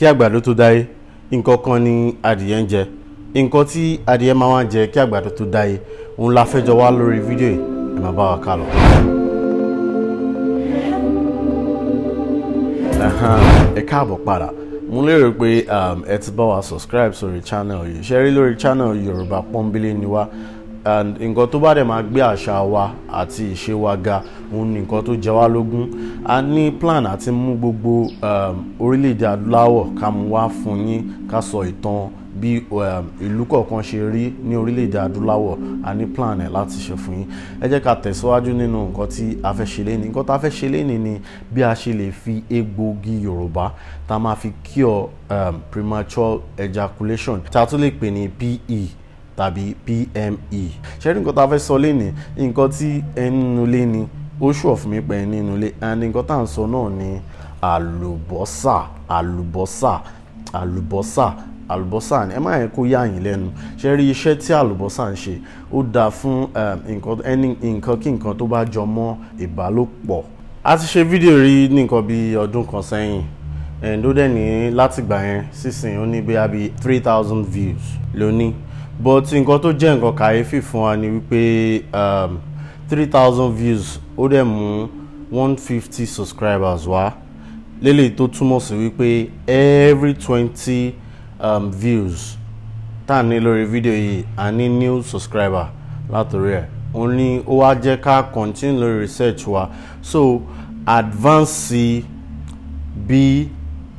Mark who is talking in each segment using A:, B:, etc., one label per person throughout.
A: kí àgbàdo tó dáyé nǹkan kan ni adìyẹ ń jẹ nǹkan tí adìyẹ máa wá jẹ kí àgbàdo tó dáyé òun la fẹ́ jọ wá lórí fídíò yìí ẹ máa bá wa ká lọ. ẹ káàbọ̀ padà mo lérò pé um, ẹ ti bá wa subscribe sórí channel yìí ṣe rí lórí channel Yorùbá Pọ́nbélé ni wá and nǹkan tó bá dẹ̀ máa gbé àṣà wa àti ìṣe wa ga òun ni nǹkan tó jẹ wá lógún a ní plan àti mú gbogbo um, orílẹ̀-èdè adúláwọ̀ ká mú wá fún yín ká sọ ìtàn bí um, ìlú kọ̀ọ̀kan ṣe rí ní orílẹ̀-èdè adúláwọ̀ a ní plan ẹ̀ láti ṣe fún yín ẹ jẹ́ ká tẹ̀síwájú nínú nǹkan tí a fẹ́ ṣe léni nǹkan tá a fẹ́ ṣe léni ni bí a ṣe lè fi egbògi yorùbá tá a máa fi cure um, premature ejaculation tá a tún lè pè ní PE tàbí PME ṣẹ́rí nǹkan tá a fẹ́ sọ lénìí nǹkan tí ẹni nínú ilé ni ó ṣùọ̀ mi pé ẹni nínú ilé and nǹkan tá à ń sọ náà ni àlùbọ́sà àlùbọ́sà àlùbọ́sà àlùbọ́sà ni ẹ má yẹ kó yà yín lẹ́nu ṣe rí iṣẹ́ tí àlùbọ́sà ń ṣe ó dáa fún ẹni ehm, nǹkan kí nǹkan tó bá jọ mọ́ ìbálòpọ̀ a ti ṣe fídíò rí ní nǹkan bíi ọdún kan sẹ́yìn ẹ̀ńdó dẹ̀ ní látìgbà yẹn sísìn ó ní bí i three thousand views lóní but nǹkan tó jẹ́ nǹkan kàyéfì fún wa ni wípé um, three thousand views ó dẹ̀ mú one fifty subscribers wá léleyìí tó túmọ̀ sí wípé every twenty um, views tá a ní lórí fídíò yìí a ní new subscriber látòrí ẹ̀ ó ní ó wá jẹ́ ká continue lórí research wa so advance bí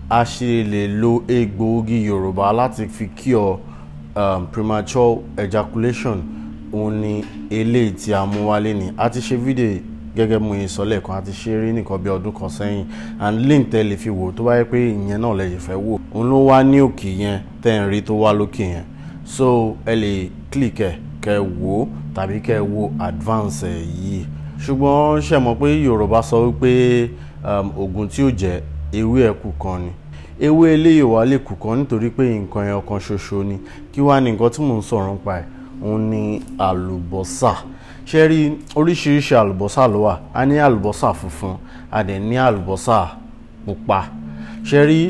A: a ṣe lè lo egbòogi Yorùbá láti fi cure um, premature ejaculation òun ni eléyìí tí a mú wálé ni a ti ṣe fídíò gẹ́gẹ́ mú yín sọ lẹ́ẹ̀kan àti ṣe rí nìkan bí ọdún kan sẹ́yìn and link tẹ́ lè fi wò tó bá yẹ pé ìyẹn náà lè fẹ́ wò òun ló wá ní òkè yẹn tẹ́ ń rí tó wá lókè yẹn so ẹ lè click ẹ kẹ́ wò tàbí kẹ́ wò advance ẹ yìí ṣùgbọ́n ṣe mọ̀ pé Yorùbá sọ wípé oògùn um, tí ó jẹ́ ewé ẹ̀kú kan ni ewé eléyìí wà lè kù kan nítorí pé nǹkan ẹyọ kan ṣoṣo ni kí wàá ní nǹkan tí mò ń sọ̀rọ̀ nípa ẹ̀ òun ni àlùbọ́sà ṣe rí oríṣiríṣi àlùbọ́sà ló wà a ní àlùbọ́sà funfun a dẹ̀ ní àlùbọ́sà pupa ṣe rí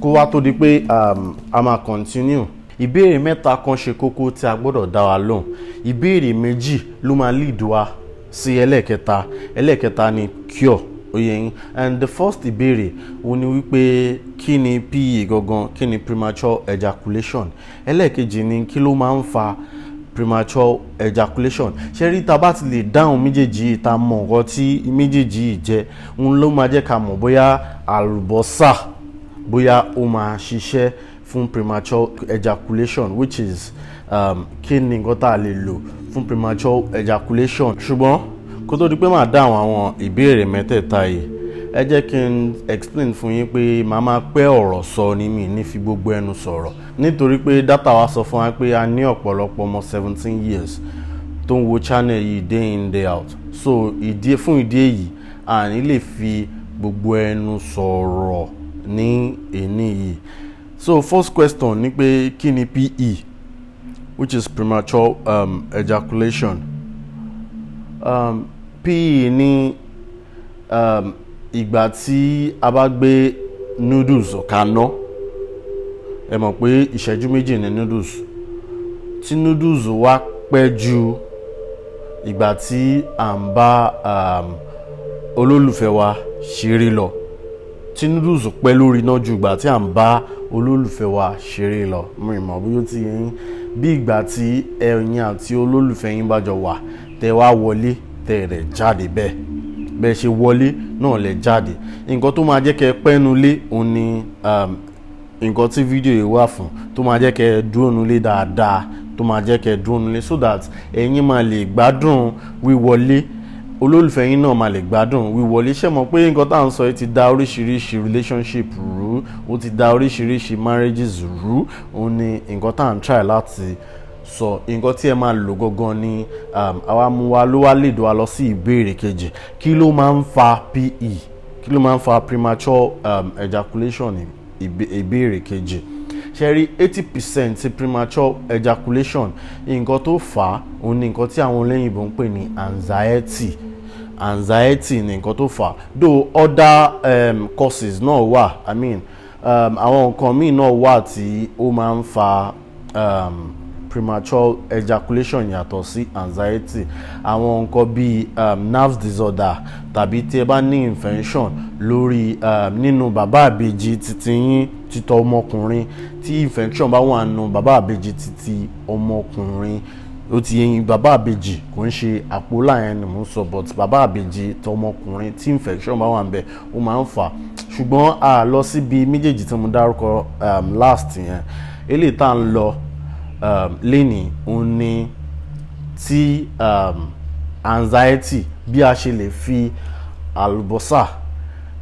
A: kó wá tó di pé um, a máa continue ìbéèrè mẹ́ta kan ṣe kókó tí a gbọ́dọ̀ dá wa lóhùn ìbéèrè méjì ló máa lead wa sí ẹlẹ́ẹ̀kẹta ẹlẹ́ẹ̀kẹta ni cure oyè and the first ìbéèrè ó ní wípé kí ni pe gangan kí ni premature ejaculation ẹlẹ́ẹ̀kejì ni kí ló máa ń fa premature ejaculation ṣe rí ta bá ti lè dáhùn méjèèjì yìí ta mọ̀ nǹkan tí méjèèjì yìí jẹ́ òun ló máa jẹ́ ká mọ̀ bóyá àlùbọ́sà bóyá ó máa ṣiṣẹ́ fún premature ejaculation which is um, kí ni nǹkan tá a lè lò fún premature ejaculation ṣùgbọ́n kó tó di pé màá dá àwọn ìbéèrè mẹ́tẹ̀ẹ̀ta yìí ẹ jẹ́ kí n explain fún yín pé màá máa pẹ́ ọ̀rọ̀ sọ ní mi ní fi gbogbo ẹnu sọ̀rọ̀ nítorí pé dátà wa sọ fún wa pé a ní ọ̀pọ̀lọpọ̀ ọmọ seventeen years tó ń wo channel yìí day in day out so ìdí fún ìdí èyí àní lè fi gbogbo ẹnu sọ̀rọ̀ ní èní yìí so first question ni pé kí ni PE which is premature um, ejaculation. Um, PE ní um, ìgbà tí a bá gbé noodles kaná ẹ mọ̀ pé ìṣẹ́jú méjì ní noodles tí noodles wá pẹ́ ju ìgbà tí à ń bá um, olólùfẹ́ wa ṣeré lọ tí noodles pẹ́ lórí iná ju ìgbà tí à ń bá olólùfẹ́ wa ṣeré lọ mo ìmọ̀ bóyá ti yín bí ìgbà tí ẹ̀yin àti olólùfẹ́ yín bá jọ wà tẹ́ wá wọlé tẹ́ rẹ̀ jáde bẹ́ẹ̀ bẹ́ẹ̀ ṣe wọlé náà lẹ̀ jáde nǹkan tó máa jẹ́ kẹ́ pẹ́nu lé òun ni um, nǹkan tí fídíò yìí wà fún tó máa jẹ́ kẹ́ dúró nulé dáadáa tó máa jẹ́ kẹ́ dúró so that ẹ̀yin máa lè gbádùn wíwọlé olólùfẹ́ yín náà máa lè gbádùn wíwọlé ṣe mọ̀ pé nǹkan tá à ń sọ yìí ti da oríṣiríṣi relationship rú ó ti da oríṣiríṣi marriages rú òun ni nǹkan tá à ń try láti sọ nǹkan tí ẹ máa lò gangan ni um, àwa mú wa ló wá lè dùn wa lọ sí ìbéèrè kejì kí ló máa ń fa pe kí ló máa ń fa premature um, ejaculation ìbéèrè kejì ṣe rí eighty percent ti premature ejaculation nǹkan tó fà á òun ni nǹkan tí àwọn olóyìnbó ń pè ní anxiety anxiety ni nǹkan tó fà á though other um, causes náà wà i mean um, àwọn nǹkan míì náà wà tí ó máa ń fa um, premature ejaculation yàtọ̀ sí anxiety àwọn nǹkan bíi um, nerves disorder tàbí tí ẹ bá ní infection lórí um, nínú bàbá àbèjì títí yín títọ́ ọmọkùnrin tí infection bá wà nù bàbá àbèjì títí ọmọkùnrin ó ti yẹn bàbá àbèjì kò ń ṣe àpò láyẹn ni mò ń sọ but bàbá àbèjì tọmọkùnrin tí infection bá wà ń bẹ ó máa ń fà ṣùgbọ́n a lọ síbi méjèèjì tí mo dárúkọ um, last yẹn eléyìí tá à ń lọ um, lénìí òun ni ti um, anxiety bí a ṣe lè fi àlùbọ́sà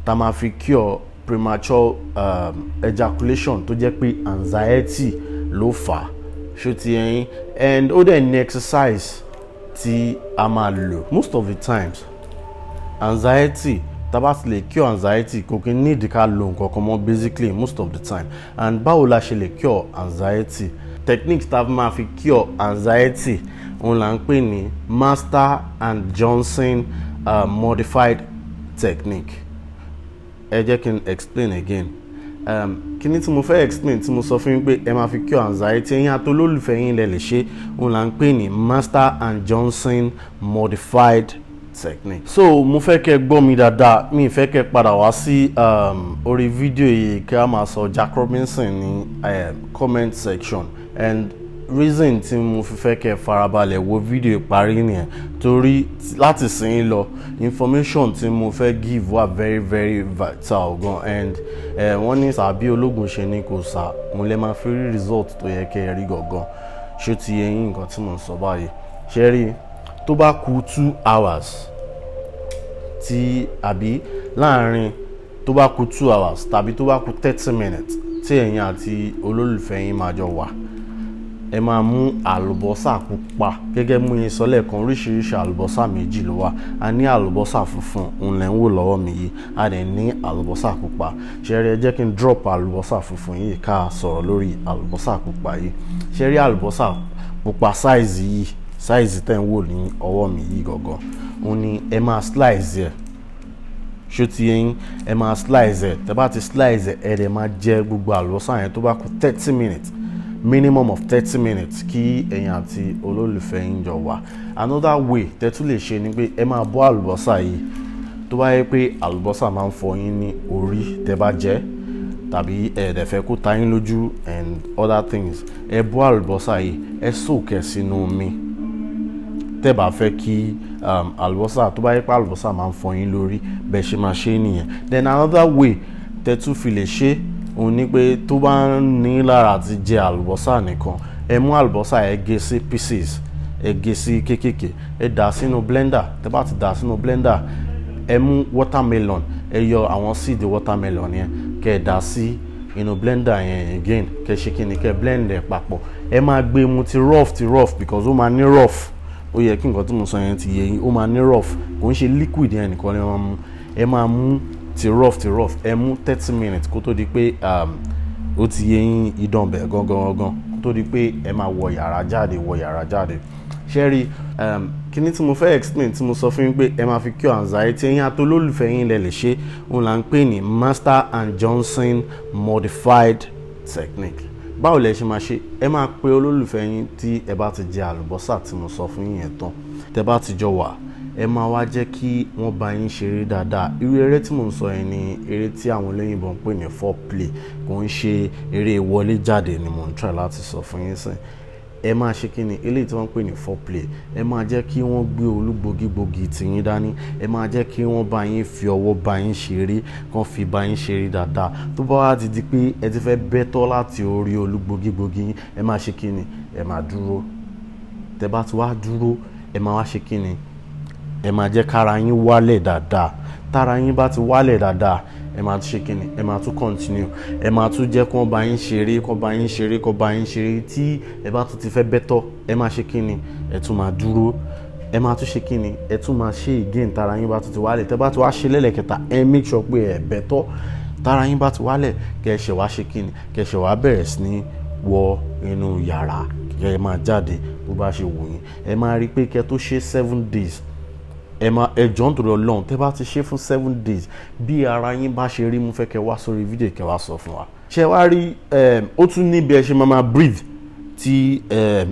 A: tá a fi cure premature um, ejaculation tó jẹ́ pé anxiety ló fà á ṣó ti ẹyin and ó dẹ̀ ní exercise tí a máa lò most of the times anxiety tábà ti cure anxiety kò kí ní ìdíkà lo nǹkan kan mọ́ basically most of the time and báwo la ṣe lè cure anxiety techniques tá a máa fi cure anxiety òun là ń pè ní Master and Johnson uh, modified technique ẹ jẹ́ kí n explain again um, kíní tí mo fẹ́ explain tí mo sọ fún yín pé ẹ máa fi cure anxiety ẹ̀yin àtolólùfẹ́ yín lẹ lè ṣe òun là ń pè ní Master and Johnson modified technique. so mo fẹ́ kẹ́ gbọ́ mi dáadáa mi fẹ́ kẹ́ padà wá sí um, orí fídíò yìí kí a máa sọ Jack Robinson ní um, comment section and reason tí mo fi fẹ́ kẹ́ farabalẹ̀ wo fídíò ìparí nìyẹn torí láti sìn lọ information tí mo fẹ́ give wa very very vital gan and eh, wọ́n ní sàbí ológun ṣe ni kò sà mo lè máa fi rí result tó yẹ kẹ́ ẹ rí gangan ṣó ti yẹ nǹkan tí mo ń sọ báyìí ṣe rí tó bá kù two hours tí àbí láàrin tó bá kù two hours tàbí tó bá kù thirty minutes tí ẹ̀yin àti olólùfẹ́ yín máa jọ wà ẹ máa mú àlùbọ́sà pupa gẹ́gẹ́ mú yín sọ lẹ́ẹ̀kan oríṣiríṣi àlùbọ́sà méjì ló wà a ní àlùbọ́sà funfun ńlẹ̀ ń wò lọ́wọ́ mi yìí a dẹ̀ ní àlùbọ́sà pupa ṣẹ́rí ẹ jẹ́ kí n drop àlùbọ́sà funfun yìí ká sọ̀rọ̀ lórí àlùbọ́sà pupa yìí ṣẹ́rí àlùbọ́sà pupa size yìí size tẹ́ ń wò ní ọwọ́ mi yìí gangan òun ni ẹ máa slice ẹ̀ ṣó ti yẹn ẹ máa slice ẹ̀ tẹ́ bá ti slice ẹ̀ ẹ̀ dẹ̀ máa jẹ gbogbo àlùbọ́sà yẹn tó bá kù thirty minutes minimum of thirty minutes kí ẹ̀yin àti olólùfẹ́ yín jọ wà another way tẹ́tú lè ṣe ni pé ẹ máa bọ́ àlùbọ́sà yìí tó bá yẹ pé àlùbọ́sà máa ń fọ yín ní orí tẹ́ bá jẹ́ tàbí ẹ̀ẹ́dẹ̀ fẹ́ kó ta yín lójú and other things ẹ bọ́ àlùbọ́sà yìí ẹ sòkè sínú omi tẹ́ bá fẹ́ kí um, àlùbọ́sà tó bá yẹ pé àlùbọ́sà máa ń fọ yín lórí bẹ́ẹ̀ ṣe máa ṣe é nìyẹn then another way tẹ́tú fi lè ṣe é òun ni pé tó bá ń ní lára àti jẹ àlùbọ́sà nìkan ẹ mú àlùbọ́sà ẹ gé sí pieces ẹ gé sí kéékèèké ẹ dà sínú blender tẹ bá ti dà sínú blender ẹ mú watermelon ẹ yọ àwọn seed watermelon yẹn kẹ ẹ dà sí inú blender yẹn again kẹ ṣe kí ni kẹ blend ẹ papọ̀ ẹ máa gbé mu ti rough ti rough because ó máa ní rough ó yẹ kí nǹkan tí mo sọ yẹn ti yẹ yín ó máa ní rough kò ń ṣe liquid yẹn nìkan ni wọ́n mu ẹ máa mú ti rough ti rough ẹ mú thirty minutes kó tó di pé um, ó ti yé yín idán bẹ̀ gangan gangan kó tó di pé ẹ máa wọ yàrá jáde wọ yàrá jáde ṣẹ́rí um, kíní tí mo fẹ́ explain tí mo sọ fún yín pé ẹ máa fi cure anxiety ẹ̀yin atolólùfẹ́ yín lẹ lè ṣe òun là ń pè ní Master and Johnson modified technique báwo lẹ ṣe máa ṣe ẹ máa pe olólùfẹ́ yín tí ẹ bá ti jẹ àlùbọ́sà tí mo sọ fún yín yẹn tán tẹ bá ti jọ wà ẹ máa wá jẹ́ kí wọ́n bá yín ṣeré dáadáa irú eré tí mò ń sọ yẹn ni eré tí àwọn olóyìnbó ń pè ní foreplay kò ń ṣe eré wọlé jáde ni mò ń try láti sọ fún yín sìn ẹ máa ṣe kí ni eléyìí tí wọ́n ń pè ní foreplay ẹ máa jẹ́ kí wọ́n gbé olúgbogígbogì tìyín dání ẹ máa jẹ́ kí wọ́n bá yín fi ọwọ́ bá yín ṣeré kàn fi bá yín ṣeré dáadáa tó bá wá ti di pé ẹ ti fẹ́ bẹ́tọ́ láti orí olúgbogígbogì yín ẹ máa ṣe kí ni ẹ máa dúró tẹ bá ti wá dúró ẹ máa wá ṣe kí ni ẹ máa jẹ́ kára yín wálẹ̀ dáadáa tára yín bá ti wálẹ̀ dáadáa ẹ máa tún ṣe kíni ẹ máa tún continue ẹ máa tún jẹ́ kó bá yín ṣeré kó bá yín ṣeré kó bá yín ṣeré tí ẹ bá tún ti fẹ́ bẹ́tọ̀ ẹ máa ṣe kíni ẹ tún máa dúró ẹ máa tún ṣe kíni ẹ tún máa ṣe again tára yín bá tún ti wálẹ̀ tẹ́ bá ti wá ṣe lẹ́lẹ̀kẹta ẹ make sure pé ẹ bẹ́tọ̀ tára yín bá ti wálẹ̀ kẹ́ wá ṣe kíni kẹ́ wá bẹ̀rẹ̀ sí ní wọ inú yàrá kẹ́ ẹ máa jáde bó bá ṣe wù yín ẹ máa rí pé kẹ́ tó ṣe seven days ẹ máa ẹ jọ̀ọ́ nítorí ọlọ́run tẹ́ bá ti ṣe fún seven days bí ara yín bá ṣe rí mú fẹ́ kẹ́ wá sórí fídíò kẹ́ wá sọ fún wa. ṣé wàá rí ó tún níbi ẹ ṣe máa máa breathe tí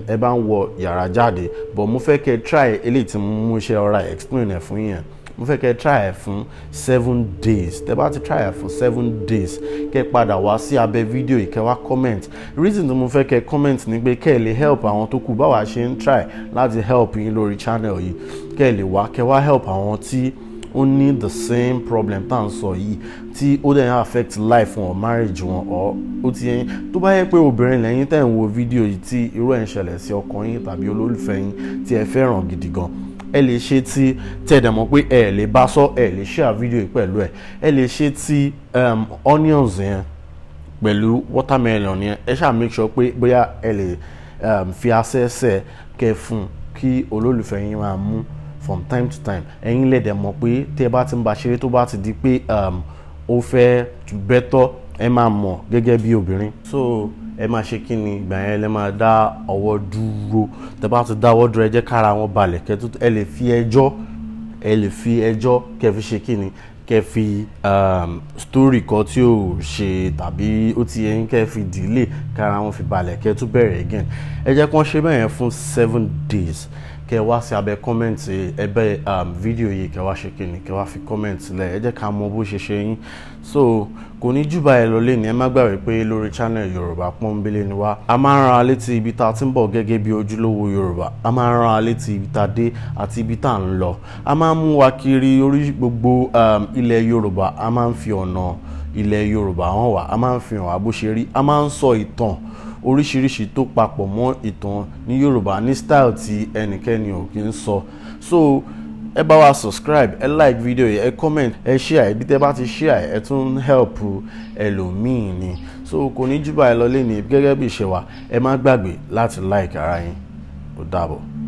A: ẹ bá ń wọ yàrá jáde but mo fẹ́ kẹ́ try eléyìí tí mo ṣe ọ̀ra explain ẹ̀ fún yẹn mo fẹ́ kẹ́ try ẹ̀ fún seven days tẹ́ bá ti try ẹ̀ fún seven days kẹ́ padà wá sí abẹ́ fídíò yìí kẹ́ wá comment reason tó mo fẹ́ kẹ́ comment ni pé kẹ́ ẹ lè help àwọn tó kù báwa ṣe ń try láti help yín lórí channel yìí kẹ́ ẹ lè wá kẹ́ wá help àwọn tí ó ní the same problem tá à ń sọ yìí tí ó dẹ̀ ń affect life wọn marriage wọn ọ ó ti yẹn tó bá yẹ pé obìnrin lẹ́yìn tẹ̀ ń wo fídíò yìí tí irú ẹ̀ ń ṣẹlẹ̀ sí ọkọ yín tàbí olólùfẹ́ yín tí ẹ fẹ́ràn gidi gan ẹ lè ṣe ti tẹ̀dẹ̀mọ́ pé ẹ lè bá sọ ẹ lè share fídíò yìí pẹ̀lú ẹ ẹ lè ṣe ti um, onions yẹn pẹ̀lú watermelon yẹn ẹ ṣáà make sure pé bóyá ẹ lè um, fi asẹ́sẹ́ kẹ fún kí olólùfẹ́ yín máa mú from time to time ẹ̀yin lè dẹ̀ mọ̀ pé tẹ́ bá ti ń ba ṣeré tó bá ti di pé um, ó fẹ́ bẹ́tọ̀ ẹ máa mọ̀ gẹ́gẹ́ bí obìnrin so ẹ máa ṣe kí ni ìgbà yẹn lẹ máa dá ọwọ́ dúró tẹ bá ti dá ọwọ́ dúró ẹ jẹ́ kára wọn balẹ̀ kẹtù ẹ lè fi ẹjọ́ ẹ lè fi ẹjọ́ kẹ fi ṣe kí kẹ fi um, story kan tí ò ṣe tàbí ó ti yẹn kẹ fi delay kára wọn fi balẹ̀ kẹtù bẹ̀rẹ̀ again ẹ jẹ́ kí wọ́n ṣe bẹ́ẹ̀ yẹn fún seven days kẹ wá sí abẹ́ kọ́mẹ́ǹtì ẹbẹ́ fídíò yìí kẹ wá ṣe kíni kẹ wá fi kọ́mẹ́ǹtì lẹ̀ ẹ jẹ́ ká mọ bó ṣe ṣe yín so kò ní jù báyìí lọ lẹ́ni ẹ má gbàgbé pé lórí channel yorùbá pọ́nbélé ni wá a máa ń ran alé ti ibi tá a ti ń bọ̀ gẹ́gẹ́ bí ojúlówó yorùbá a máa ń ran alé ti ibi tá a dé àti ibi tá a ń lọ a máa mú wa kiri orí gbogbo um, ilẹ̀ yorùbá a máa ń fi ọ̀nà ilẹ̀ yorùbá hàn wá a máa ń fi hàn wá bó ṣe rí a máa ń sọ ìtàn oríṣiríṣi tó papọ̀ mọ́ ìtàn ní Yorùbá ní style tí ẹnikẹ́ni ò kí ń sọ so ẹ bá wa subscribe ẹ like video yìí ẹ comment ẹ share ibi tẹ bá ti share ẹ tún help ẹlòmíì ni so kò ní jù báyìí lọ lẹ́nu gẹ́gẹ́ bí ìṣe wa ẹ má gbàgbé láti like ara yín ó dàbọ̀.